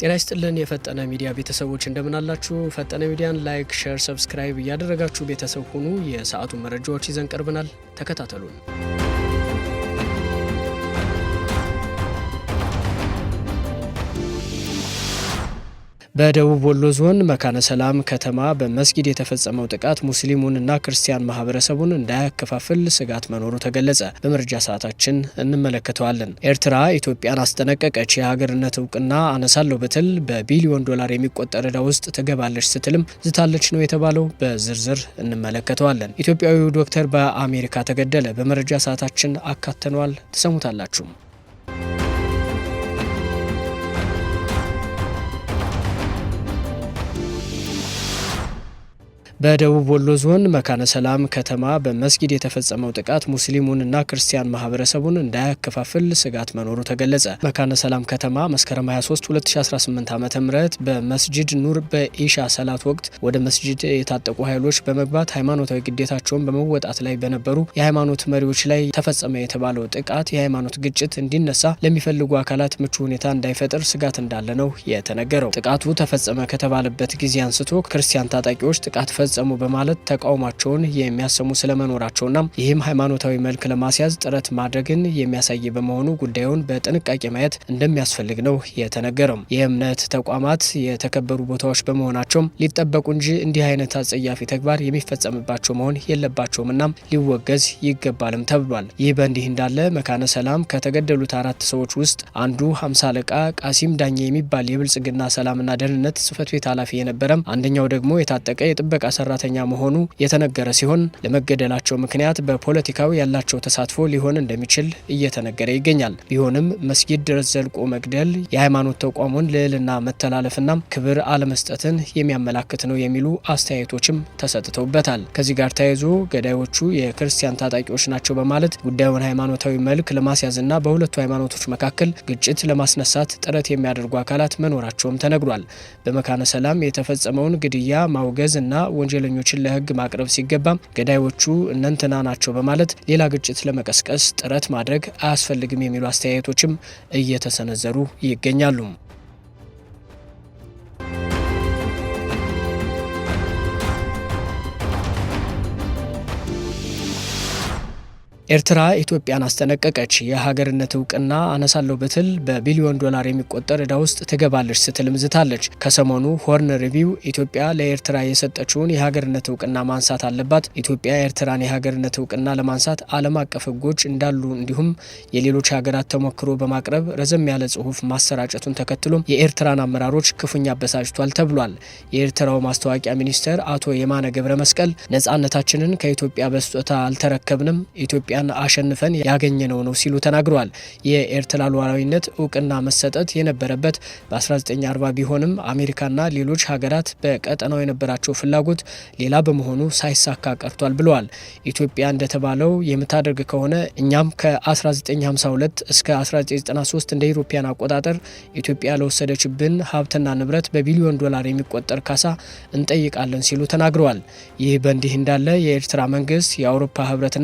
ጤና ይስጥልን የፈጠነ ሚዲያ ቤተሰቦች እንደምናላችሁ። ፈጠነ ሚዲያን ላይክ፣ ሼር፣ ሰብስክራይብ እያደረጋችሁ ቤተሰብ ሁኑ። የሰዓቱን መረጃዎች ይዘን ቀርብናል። ተከታተሉን። በደቡብ ወሎ ዞን መካነ ሰላም ከተማ በመስጊድ የተፈጸመው ጥቃት ሙስሊሙንና ክርስቲያን ማህበረሰቡን እንዳያከፋፍል ስጋት መኖሩ ተገለጸ። በመረጃ ሰዓታችን እንመለከተዋለን። ኤርትራ ኢትዮጵያን አስጠነቀቀች። የሀገርነት እውቅና አነሳለሁ ብትል በቢሊዮን ዶላር የሚቆጠር ዕዳ ውስጥ ትገባለች ስትልም ዝታለች ነው የተባለው። በዝርዝር እንመለከተዋለን። ኢትዮጵያዊው ዶክተር በአሜሪካ ተገደለ። በመረጃ ሰዓታችን አካተኗል። ትሰሙታላችሁም በደቡብ ወሎ ዞን መካነ ሰላም ከተማ በመስጊድ የተፈጸመው ጥቃት ሙስሊሙንና ክርስቲያን ማህበረሰቡን እንዳያከፋፍል ስጋት መኖሩ ተገለጸ። መካነ ሰላም ከተማ መስከረም 23 2018 ዓ ም በመስጅድ ኑር በኢሻ ሰላት ወቅት ወደ መስጅድ የታጠቁ ኃይሎች በመግባት ሃይማኖታዊ ግዴታቸውን በመወጣት ላይ በነበሩ የሃይማኖት መሪዎች ላይ ተፈጸመ የተባለው ጥቃት የሃይማኖት ግጭት እንዲነሳ ለሚፈልጉ አካላት ምቹ ሁኔታ እንዳይፈጥር ስጋት እንዳለ ነው የተነገረው። ጥቃቱ ተፈጸመ ከተባለበት ጊዜ አንስቶ ክርስቲያን ታጣቂዎች ጥቃት ፈጸሙ በማለት ተቃውሟቸውን የሚያሰሙ ስለመኖራቸውና ይህም ሃይማኖታዊ መልክ ለማስያዝ ጥረት ማድረግን የሚያሳይ በመሆኑ ጉዳዩን በጥንቃቄ ማየት እንደሚያስፈልግ ነው የተነገረው። የእምነት ተቋማት የተከበሩ ቦታዎች በመሆናቸውም ሊጠበቁ እንጂ እንዲህ አይነት አጸያፊ ተግባር የሚፈጸምባቸው መሆን የለባቸውምና ሊወገዝ ይገባልም ተብሏል። ይህ በእንዲህ እንዳለ መካነ ሰላም ከተገደሉት አራት ሰዎች ውስጥ አንዱ ሀምሳ አለቃ ቃሲም ዳኘ የሚባል የብልጽግና ሰላምና ደህንነት ጽህፈት ቤት ኃላፊ የነበረ፣ አንደኛው ደግሞ የታጠቀ የጥበቃ ሰራተኛ መሆኑ የተነገረ ሲሆን ለመገደላቸው ምክንያት በፖለቲካው ያላቸው ተሳትፎ ሊሆን እንደሚችል እየተነገረ ይገኛል። ቢሆንም መስጊድ ድረስ ዘልቆ መግደል የሃይማኖት ተቋሙን ልዕልና መተላለፍና ክብር አለመስጠትን የሚያመላክት ነው የሚሉ አስተያየቶችም ተሰጥተውበታል። ከዚህ ጋር ተያይዞ ገዳዮቹ የክርስቲያን ታጣቂዎች ናቸው በማለት ጉዳዩን ሃይማኖታዊ መልክ ለማስያዝና በሁለቱ ሃይማኖቶች መካከል ግጭት ለማስነሳት ጥረት የሚያደርጉ አካላት መኖራቸውም ተነግሯል። በመካነ ሰላም የተፈጸመውን ግድያ ማውገዝ እና ወንጀለኞችን ለህግ ማቅረብ ሲገባ ገዳዮቹ እነንትና ናቸው በማለት ሌላ ግጭት ለመቀስቀስ ጥረት ማድረግ አያስፈልግም የሚሉ አስተያየቶችም እየተሰነዘሩ ይገኛሉ። ኤርትራ ኢትዮጵያን አስጠነቀቀች። የሀገርነት እውቅና አነሳለሁ ብትል በቢሊዮን ዶላር የሚቆጠር እዳ ውስጥ ትገባለች ስትልም ዝታለች። ከሰሞኑ ሆርን ሪቪው ኢትዮጵያ ለኤርትራ የሰጠችውን የሀገርነት እውቅና ማንሳት አለባት፣ ኢትዮጵያ ኤርትራን የሀገርነት እውቅና ለማንሳት ዓለም አቀፍ ሕጎች እንዳሉ እንዲሁም የሌሎች ሀገራት ተሞክሮ በማቅረብ ረዘም ያለ ጽሁፍ ማሰራጨቱን ተከትሎም የኤርትራን አመራሮች ክፉኛ አበሳጭቷል ተብሏል። የኤርትራው ማስታወቂያ ሚኒስትር አቶ የማነ ገብረ መስቀል ነጻነታችንን ከኢትዮጵያ በስጦታ አልተረከብንም ኢትዮጵያ ኢትዮጵያን አሸንፈን ያገኘነው ነው ሲሉ ተናግረዋል። የኤርትራ ሉዓላዊነት እውቅና መሰጠት የነበረበት በ1940 ቢሆንም አሜሪካና ሌሎች ሀገራት በቀጠናው የነበራቸው ፍላጎት ሌላ በመሆኑ ሳይሳካ ቀርቷል ብለዋል። ኢትዮጵያ እንደተባለው የምታደርግ ከሆነ እኛም ከ1952 እስከ 1993 እንደ ኢሮፓያን አቆጣጠር ኢትዮጵያ ለወሰደችብን ሀብትና ንብረት በቢሊዮን ዶላር የሚቆጠር ካሳ እንጠይቃለን ሲሉ ተናግረዋል። ይህ በእንዲህ እንዳለ የኤርትራ መንግስት የአውሮፓ ህብረትና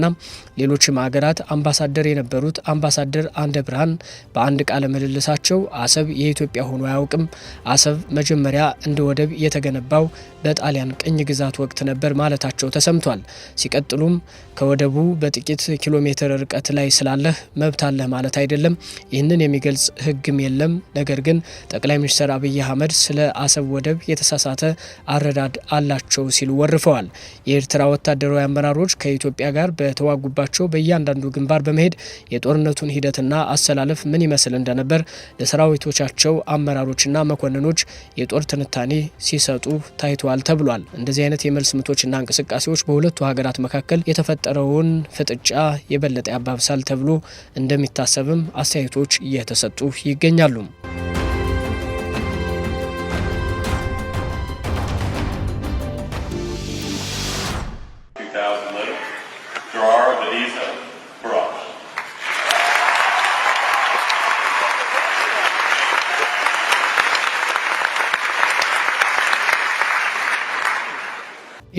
ሌሎች በሌሎችም ሀገራት አምባሳደር የነበሩት አምባሳደር አንደ ብርሃን በአንድ ቃለ ምልልሳቸው አሰብ የኢትዮጵያ ሆኖ አያውቅም፣ አሰብ መጀመሪያ እንደ ወደብ የተገነባው በጣሊያን ቅኝ ግዛት ወቅት ነበር ማለታቸው ተሰምቷል። ሲቀጥሉም ከወደቡ በጥቂት ኪሎ ሜትር ርቀት ላይ ስላለህ መብት አለህ ማለት አይደለም፣ ይህንን የሚገልጽ ህግም የለም። ነገር ግን ጠቅላይ ሚኒስትር አብይ አህመድ ስለ አሰብ ወደብ የተሳሳተ አረዳድ አላቸው ሲሉ ወርፈዋል። የኤርትራ ወታደራዊ አመራሮች ከኢትዮጵያ ጋር በተዋጉባቸው በእያንዳንዱ ግንባር በመሄድ የጦርነቱን ሂደትና አሰላለፍ ምን ይመስል እንደነበር ለሰራዊቶቻቸው አመራሮችና መኮንኖች የጦር ትንታኔ ሲሰጡ ታይተዋል ተብሏል። እንደዚህ አይነት የመልስ ምቶችና እንቅስቃሴዎች በሁለቱ ሀገራት መካከል የተፈጠረውን ፍጥጫ የበለጠ ያባብሳል ተብሎ እንደሚታሰብም አስተያየቶች እየተሰጡ ይገኛሉ።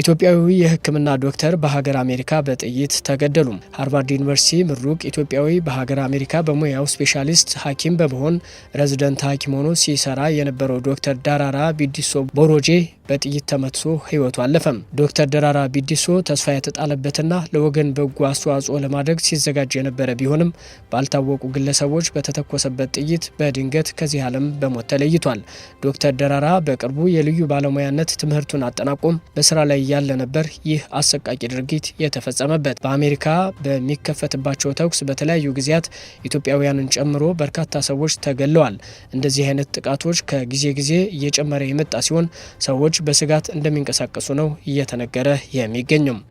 ኢትዮጵያዊ የሕክምና ዶክተር በሀገር አሜሪካ በጥይት ተገደሉ። ሃርቫርድ ዩኒቨርሲቲ ምሩቅ ኢትዮጵያዊ በሀገር አሜሪካ በሙያው ስፔሻሊስት ሐኪም በመሆን ሬዚደንት ሐኪም ሆኖ ሲሰራ የነበረው ዶክተር ዳራራ ቢዲሶ ቦሮጄ በጥይት ተመትቶ ህይወቱ አለፈም። ዶክተር ደራራ ቢዲሶ ተስፋ የተጣለበትና ለወገን በጎ አስተዋጽኦ ለማድረግ ሲዘጋጅ የነበረ ቢሆንም ባልታወቁ ግለሰቦች በተተኮሰበት ጥይት በድንገት ከዚህ ዓለም በሞት ተለይቷል። ዶክተር ደራራ በቅርቡ የልዩ ባለሙያነት ትምህርቱን አጠናቆም በስራ ላይ ያለ ነበር ይህ አሰቃቂ ድርጊት የተፈጸመበት። በአሜሪካ በሚከፈትባቸው ተኩስ በተለያዩ ጊዜያት ኢትዮጵያውያንን ጨምሮ በርካታ ሰዎች ተገለዋል። እንደዚህ አይነት ጥቃቶች ከጊዜ ጊዜ እየጨመረ የመጣ ሲሆን ሰዎች በስጋት እንደሚንቀሳቀሱ ነው እየተነገረ የሚገኙም።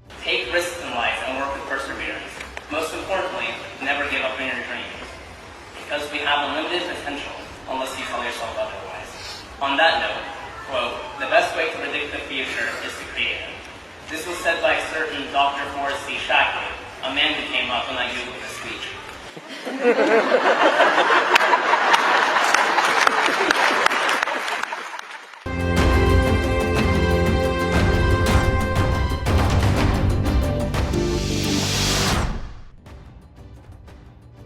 On that note, quote, the best way to predict the future is to create This was said by a certain Dr. Horace C. Shackley, a man who came up and I Googled a speech.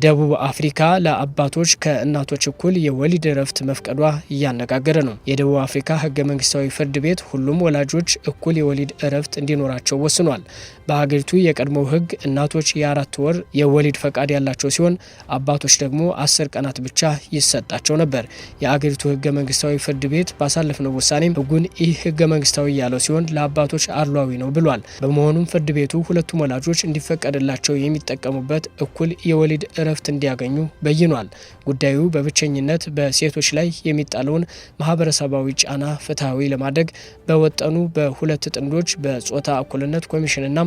ደቡብ አፍሪካ ለአባቶች ከእናቶች እኩል የወሊድ እረፍት መፍቀዷ እያነጋገረ ነው። የደቡብ አፍሪካ ህገ መንግስታዊ ፍርድ ቤት ሁሉም ወላጆች እኩል የወሊድ እረፍት እንዲኖራቸው ወስኗል። በሀገሪቱ የቀድሞው ህግ እናቶች የአራት ወር የወሊድ ፈቃድ ያላቸው ሲሆን አባቶች ደግሞ አስር ቀናት ብቻ ይሰጣቸው ነበር። የአገሪቱ ህገ መንግስታዊ ፍርድ ቤት ባሳለፍነው ውሳኔም ህጉን ይህ ህገ መንግስታዊ ያለው ሲሆን ለአባቶች አድሏዊ ነው ብሏል። በመሆኑም ፍርድ ቤቱ ሁለቱም ወላጆች እንዲፈቀድላቸው የሚጠቀሙበት እኩል የወሊድ እረፍት እንዲያገኙ በይኗል። ጉዳዩ በብቸኝነት በሴቶች ላይ የሚጣለውን ማህበረሰባዊ ጫና ፍትሐዊ ለማድረግ በወጠኑ በሁለት ጥንዶች በጾታ እኩልነት ኮሚሽንና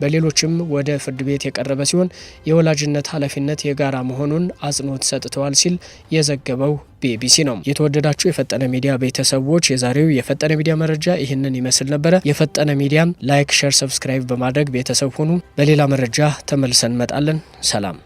በሌሎችም ወደ ፍርድ ቤት የቀረበ ሲሆን የወላጅነት ኃላፊነት የጋራ መሆኑን አጽንኦት ሰጥተዋል ሲል የዘገበው ቢቢሲ ነው። የተወደዳችሁ የፈጠነ ሚዲያ ቤተሰቦች የዛሬው የፈጠነ ሚዲያ መረጃ ይህንን ይመስል ነበረ። የፈጠነ ሚዲያን ላይክ፣ ሸር፣ ሰብስክራይብ በማድረግ ቤተሰብ ሁኑ። በሌላ መረጃ ተመልሰን እንመጣለን። ሰላም